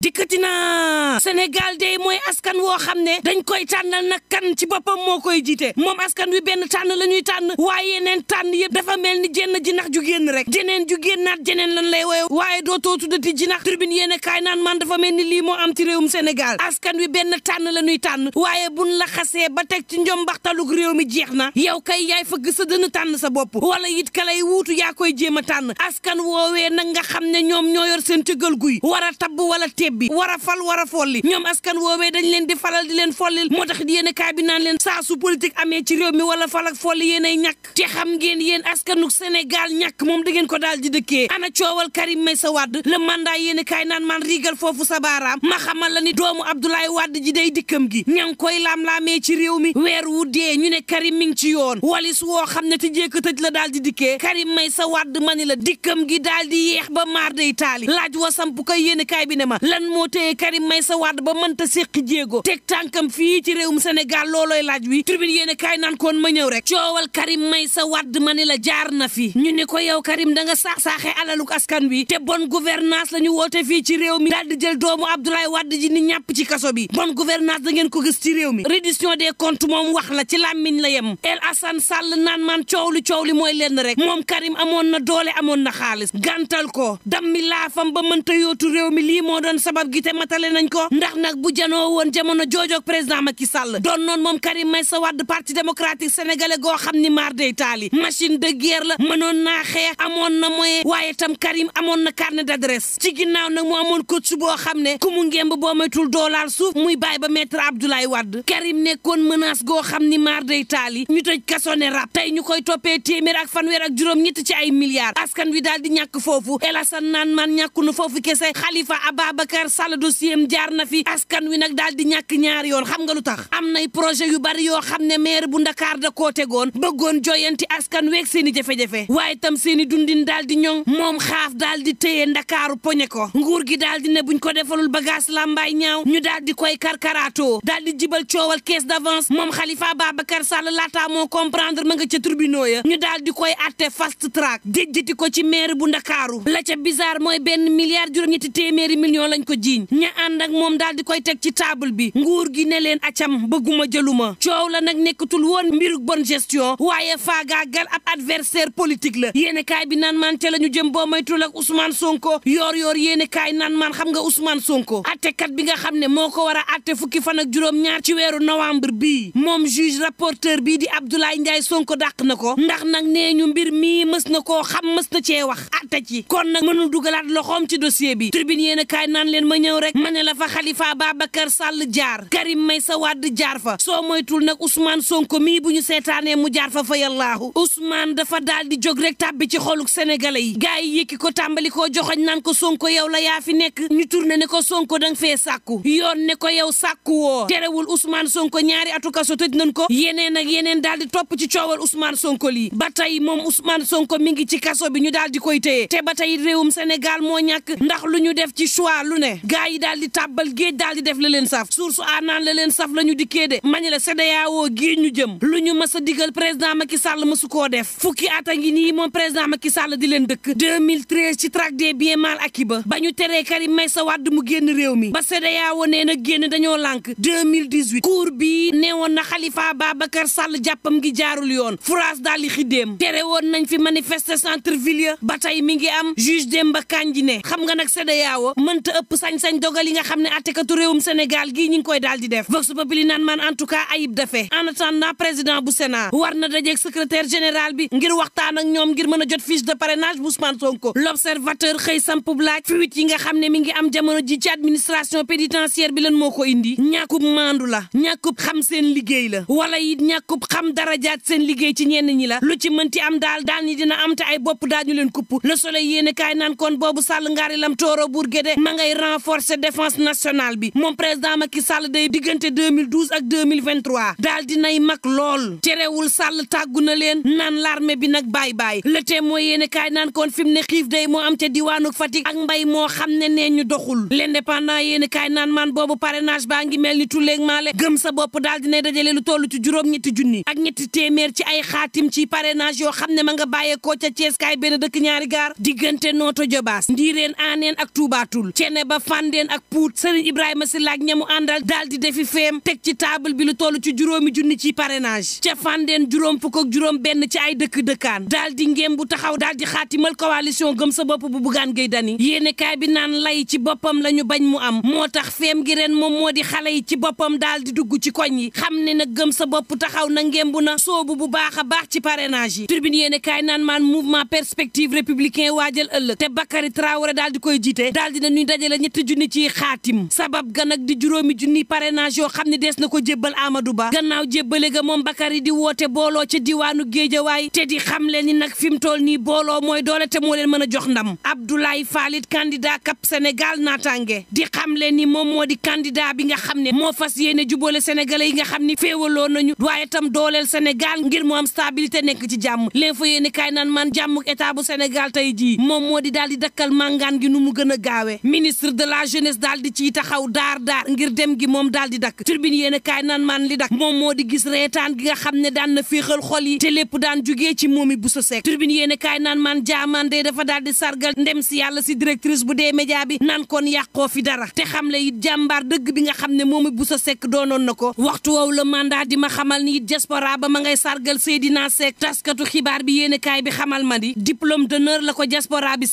dikkati na Sénégal day mooy askan woo xam ne dañ koy tànnal nag kan ci boppam moo koy jiite moom askan wi benn tànn la ñuy tànn waaye yeneen tànn yëpp dafa mel ni jenn jinax ju génn rek jeneen ju génnaat jeneen lan lay woy waaye dootoo tuddati ji nax turbine yéen a kaay naan man dafa mel ni lii moo am ci réewum Sénégal askan wi benn tànn la ñuy tànn waaye buñ la xasee ba teg ci njombaxtalug réew mi jeex na yow kay yaay fëgg sa dënn tànn sa bopp wala it ka lay wuutu yaa koy jéem a tànn askan woowee nag nga xam ne ñoom ñoo yor seen tëggal guy ceeb bi a fal war folli ñoom askan woowee dañ leen di falal di leen follil moo tax yéen a kaay bi naan leen saa su politique amee ci réew mi wala fal ak folli yéen ay ñàkk te xam ngeen yéen askanu Sénégal ñàkk moom da ko daal di dëkkee ana coowal Karim Meïssa Wade a kaay naan man riigal foofu sa baaraam ma xamal la ni doomu Abdoulaye Wade ji day dikkam gi weer wu dee ñu ne Karim ci yoon walis woo xam ne te la daal di dikkee Karim Meïssa Wade ma ni la dikkam gi daal di yeex ba maar day taali laaj wasamp ko yéen a kan moo téye Karim Meïssa Wade ba mënta séqi jéego teg tànkam laaj wi tribune yéen kaay ma ñëw rek coowal Karim Meïssa ma ni la na fi ñu ni ko yow Karim da nga saax-saaxee alaluk askan wi te bonne gouvernance la ñu woote fii ci réew mi daal di jël doomu Abdoulaye ji ni ñàpp ci kaso bi bonne gouvernance da ngeen ko gis ci réew mi reddition des comptes moom wax la ci làmmiñ la yem El Assane Sall naan man coow li coow li mooy lenn rek moom Karim amoon na doole amoon na xaalis gàntal ko dammi laafam ba mënta yootu réew lii moo sabab gi te matale nañ ko ndax nag bu janoo woon jamono joojoog président Macky Sall doon noonu moom Karim Meïssa Wade parti démocratique sénégalais goo xam ni maar day taali machine de guerre la mënoon naa xeex amoon na moyen waaye tam Karim amoon na carnet d'adresse ci ginnaaw nag mu amoon coach boo xam ne ku mu ngemb boo moytul doolaal suuf muy bàyyi ba maître Abdoulaye Wade Karim nekkoon menace goo xam ni maar day taali ñu toj kaso ne rab tey ñu koy toppee téeméer ak fanweer ak juróom-ñett ci ay milliards askan wi daal di ñàkk foofu El Hadj naan man ñàkkunu foofu kese Khalifa Ababacar Babacar Sall dossier am jaar na fi askan wi nag daal di ñàkk ñaar yoon xam nga lu tax am nay projet yu bari yoo xam ne maire bu Ndakaar da koo tegoon bëggoon joyanti askan weeg seen i jafe-jafe waaye tam seen i dundin daal di ñoŋ moom xaaf daal di téye Ndakaaru poñe ko nguur gi daal di ne buñ ko defalul bagage làmbaay ñaaw ñu daal di koy karkaraatoo daal di jibal coowal caisse d'avance moom Khalifa Babacar Sall laataa moo comprendre ma nga ca tribunaux ya ñu daal di koy atte fast track déjjati ko ci maire bu Ndakaaru la ca bizarre mooy benn milliard juróom-ñetti téeméeri million ko jiiñ ña ànd ak moom daal di koy teg ci table bi nguur gi ne leen acam bëgguma jëluma coow la nag nekkatul woon mbiruk bon gestion waaye faagaagal ab adversaire politique la yéene kaay bi naan man te la ñu jëm boo maytul ak Ousmane Sonko yoor yoor yéene kaay naan man xam nga Ousmane Sonko attekat bi nga xam ne moo ko war a atte fukki fan ak juróom-ñaar ci weeru novembre bii moom juge rapporteur bii di Abdoulaye Ndiaye Sonko dàq na ko ndax nag nee ñu mbir mii mës na koo xam mës na cee wax atte ci ngeen ma ñëw rek ma ne la fa Khalifa Babacar Sall jaar Karim Meïssa Wade jaar fa soo moytul nag Ousmane Sonko mii bu ñu seetaanee mu jaar fa fa yallaahu Ousmane dafa daal di jóg rek tàbbi ci xoluk sénégalais yi gars yi ko tàmbali koo joxoñ naan ko Sonko yow la yaa fi nekk ñu tourné ne ko Sonko danga fee sàkku yoon ne ko yow sàkku woo terewul Ousmane Sonko ñaari atu kaso tëj nañ ko yeneen ak yeneen daal di topp ci coowal Ousmane Sonko lii ba tey moom Ousmane Sonko mi ngi ci kaso bi ñu daal di koy téye te ba tey réewum Sénégal moo ñàkk ndax lu ñu def ci choix lu ne ne gars yi daal di tàbbal géej daal di def la leen saf source a naan la leen saf la ñu dikkee de la CEDEAO gii ñu jëm lu ñu mas a digal président Macky Sall masu koo def fukki at a ngi nii moom président Macky Sall di leen dëkk ci traque des biens mal ba ba ñu teree Karim Meïssa Wade mu génn réew mi ba CEDEAO nee na génn dañoo lànk 2018 cour bii nee woon na Khalifa Babacar jàppam gi jaarul yoon France daal di xiddeem tere woon nañ fi manifester centre ville ba tey mi sañ-sañ dogal yi nga xam ne attekatu réewum Sénégal gii ñu ngi koy daal di def vox populi naan man en tout cas ayib dafe en attendant président bu Sénat war na dajeeg secrétaire général bi ngir waxtaan ak ñoom ngir mën a jot fiche de parrainage bu Ousmane Sonko l'observateur xëy samp laaj fuite yi nga xam ne mi ngi am jamono ji ci administration pénitentiaire bi lan moo ko indi ñàkkub maandu la ñàkkub xam seen liggéey la wala it ñàkkub xam darajaat seen liggéey ci ñenn ñi la lu ci mënti am daal daan yi dina am ay bopp daañu leen kupp le soleil yéene kaay naan kon boobu sàll ngaari lam tooro buur géde ma renforcer défense nationale bi moom président Macky Sall day diggante 2012 ak 2023 daal di nay mag lool terewul sàll tàggu na leen naan l'armée bi nag baay baay le témoin yéen a kaay naan kon fi mu ne xiif day moo am ca diwaanu Fatick ak mbay moo xam ne nee ñu doxul l'indépendant yéen a kaay naan maan boobu parrainage baa ngi mel ni tulleeg maale gëm sa bopp daal di nay dajale lu toll ci juróom-ñetti junni ak ñetti téeméer ci ay xaatim ci parrainage yoo xam ne ma nga bàyyeekoo ca Thiès kaay dëkk ñaari gaar diggante nooto Jobaas ndiireen aaneen ak Touba ba Fandeen ak Pout Serigne Ibrahima Sylla ak ñamu àndal daal di defi feem teg ci table bi lu toll ci juróomi junni ci parrainage ca Fandeen juróom fukk ak juróom benn ci ay dëkk dëkkaan daal di ngéem bu taxaw daal di xaatimal coalition gëm sa bopp bu Bougane Gueye Dany yéene kaay bi naan lay ci boppam la ñu bañ mu am moo tax feem gi moom moo di xale yi ci boppam daal di dugg ci koñ yi xam ne na gëm sa bopp taxaw na ngéem bu na soobu bu baax a baax ci parrainage yi tribune yéene kaay naan maan mouvement perspective waajal ëllëg te Bakary Traoré daal di koy jiite daal di nañuy dajale ñetti junni ci xaatim sabab ga nag di juróomi junni parrainage yoo xam ne dees na ko jébbal Amadou Ba gannaaw jébbale ga moom Bakary di woote booloo ca diwaanu Géejawaay te di xam leen ni nag fi mu toll nii booloo mooy doole te moo leen mën a jox ndam Abdoulaye Falit candidat Cap Sénégal naataange di xam leen ni moom moo di kandidaa bi nga xam ne moo fas yéene jubóole sénégalais yi nga xam ni féewaloo nañu waaye tam dooleel Sénégal ngir mu am stabilité nekk ci jàmm l'info yéene kaay nan man jàmmuk état bu Sénégal tey jii moom moo di daal di dakkal màngaan gi nu mu gën a gaawe ministre ministre de la jeunesse daal di ciy taxaw daar daar ngir dem gi moom daal dakk turbine yéen a kaay naan li dakk moom moo di gis reetaan gi nga xam ne daan na féexal xol yi te lépp daan jugee ci moomi bu sa seek turbine yéen a kaay naan de dafa daal sargal ndem si yàlla si directrice bu dee média bi naan kon yàqoo fi dara te xam le it jàmbaar dëgg bi nga xam ne moomi bu sa seek doonoon na ko waxtu woow la mandat di ma xamal ni it diaspora ba ma ngay sargal Seydina Seck taskatu xibaar bi yéen a kaay bi xamal ma di diplôme d'honneur la ko diaspora bi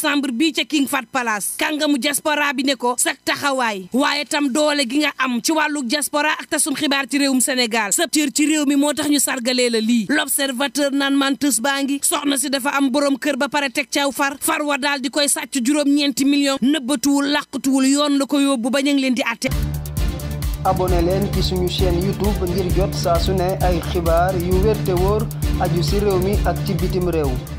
décembre bii ca King Fat Palace kàngamu diaspora bi ne ko sak taxawaay waaye tam doole gi nga am ci wàllu diaspora ak tasum xibaar ci réewum Sénégal sa cër ci réew mi moo tax ñu sargalee la lii l'observateur naan man tës baa ngi soxna si dafa am boroom kër ba pare teg caaw far far wa daal di koy sàcc juróom-ñeenti million nëbbatuwul làqatuwul yoon la ko yóbbu ba ñu ngi leen di àtte abonné leen ci suñu chaîne youtube ngir jot saa su ne ay xibaar yu wér te wóor aju si réew mi ak ci bitim réew